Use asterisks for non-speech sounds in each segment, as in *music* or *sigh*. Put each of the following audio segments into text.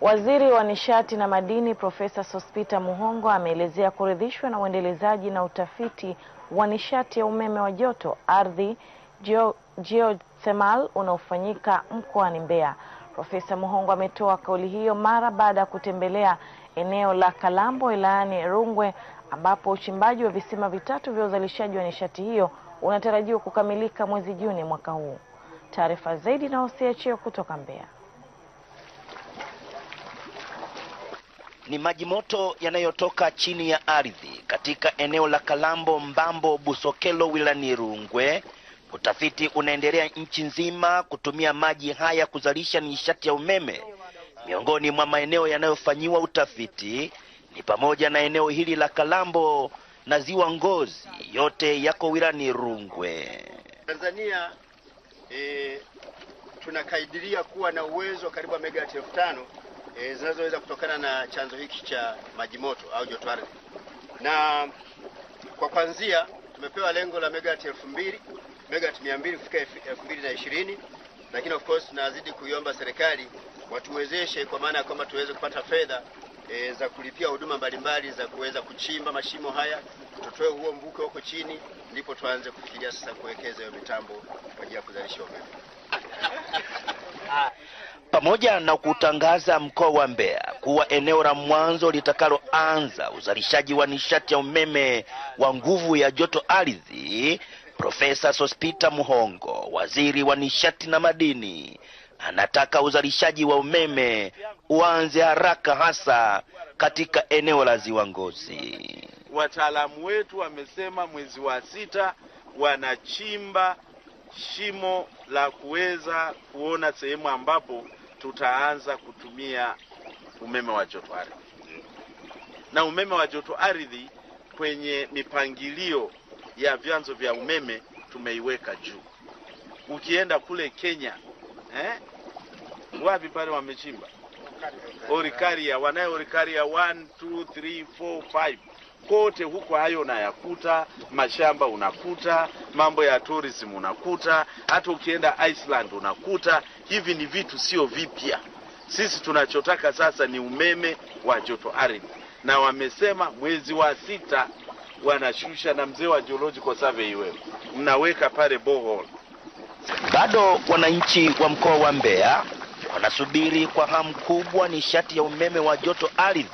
Waziri wa Nishati na Madini Profesa Sospita Muhongo ameelezea kuridhishwa na uendelezaji na utafiti wa nishati ya umeme wa joto ardhi geothermal unaofanyika mkoani Mbeya. Profesa Muhongo ametoa kauli hiyo mara baada ya kutembelea eneo la Kalambo wilayani Rungwe ambapo uchimbaji wa visima vitatu vya uzalishaji wa nishati hiyo unatarajiwa kukamilika mwezi Juni mwaka huu. Taarifa zaidi na Hosia Cheo kutoka Mbeya. ni maji moto yanayotoka chini ya ardhi katika eneo la Kalambo Mbambo Busokelo wilani Rungwe. Utafiti unaendelea nchi nzima kutumia maji haya kuzalisha nishati ya umeme. Miongoni mwa maeneo yanayofanyiwa utafiti ni pamoja na eneo hili la Kalambo na Ziwa Ngozi, yote yako wilani Rungwe. Tanzania e, tunakadiria kuwa na uwezo wa karibu megawati elfu tano e, zinazoweza kutokana na chanzo hiki cha maji moto au joto ardhi. Na kwa kwanzia tumepewa lengo la megawati elfu mbili megawati mia mbili kufika elfu mbili na ishirini lakini of course tunazidi kuiomba serikali watuwezeshe kwa maana ya kwamba tuweze kupata fedha e, za kulipia huduma mbalimbali za kuweza kuchimba mashimo haya, tutoe huo mvuke huko chini, ndipo tuanze kufikiria sasa kuwekeza hiyo mitambo kwa ajili ya kuzalisha umeme. *laughs* pamoja na kutangaza mkoa wa Mbeya kuwa eneo la mwanzo litakaloanza uzalishaji wa nishati ya umeme wa nguvu ya joto ardhi, Profesa Sospita Muhongo, waziri wa nishati na madini, anataka uzalishaji wa umeme uanze haraka, hasa katika eneo la Ziwa Ngozi. Wataalamu wetu wamesema mwezi wa sita wanachimba shimo la kuweza kuona sehemu ambapo tutaanza kutumia umeme wa joto ardhi na umeme wa joto ardhi kwenye mipangilio ya vyanzo vya umeme tumeiweka juu. Ukienda kule Kenya eh, wapi pale wamechimba Orikaria, wanaye Orikaria 1 2 3 4 5 kote huko hayo unayakuta, mashamba unakuta, mambo ya tourism unakuta, hata ukienda Iceland unakuta. Hivi ni vitu sio vipya. Sisi tunachotaka sasa ni umeme wa joto ardhi, na wamesema mwezi wa sita wanashusha, na mzee wa Geological Survey wewe mnaweka pale bohol Bado wananchi wa mkoa wa Mbeya wanasubiri kwa hamu kubwa nishati ya umeme wa joto ardhi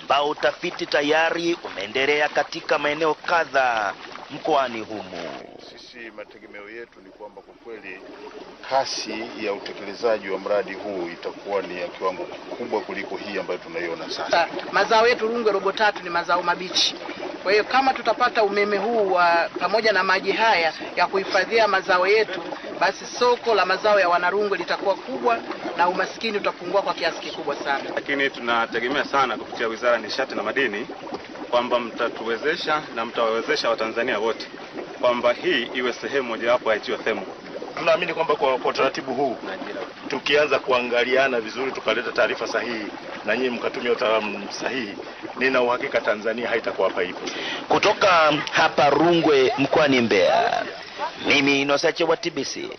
ambao utafiti tayari umeendelea katika maeneo kadhaa mkoani humu. Sisi mategemeo yetu ni kwamba kwa kweli kasi ya utekelezaji wa mradi huu itakuwa ni ya kiwango kikubwa kuliko hii ambayo tunaiona sasa. Ah, mazao yetu Rungwe robo tatu ni mazao mabichi. Kwa hiyo kama tutapata umeme huu wa pamoja na maji haya ya kuhifadhia mazao yetu, basi soko la mazao ya Wanarungwe litakuwa kubwa na umaskini utapungua kwa kiasi kikubwa sana. Lakini tunategemea sana kupitia Wizara ya Nishati na Madini kwamba mtatuwezesha na mtawawezesha Watanzania wote kwamba hii iwe sehemu mojawapo ya geothermal. Tunaamini kwamba kwa, kwa utaratibu huu tukianza kuangaliana vizuri tukaleta taarifa sahihi na nyinyi mkatumia utaalamu sahihi, nina uhakika Tanzania haitakuwa hapa ipo. Kutoka hapa Rungwe mkoani Mbeya, mimi Nosache wa TBC.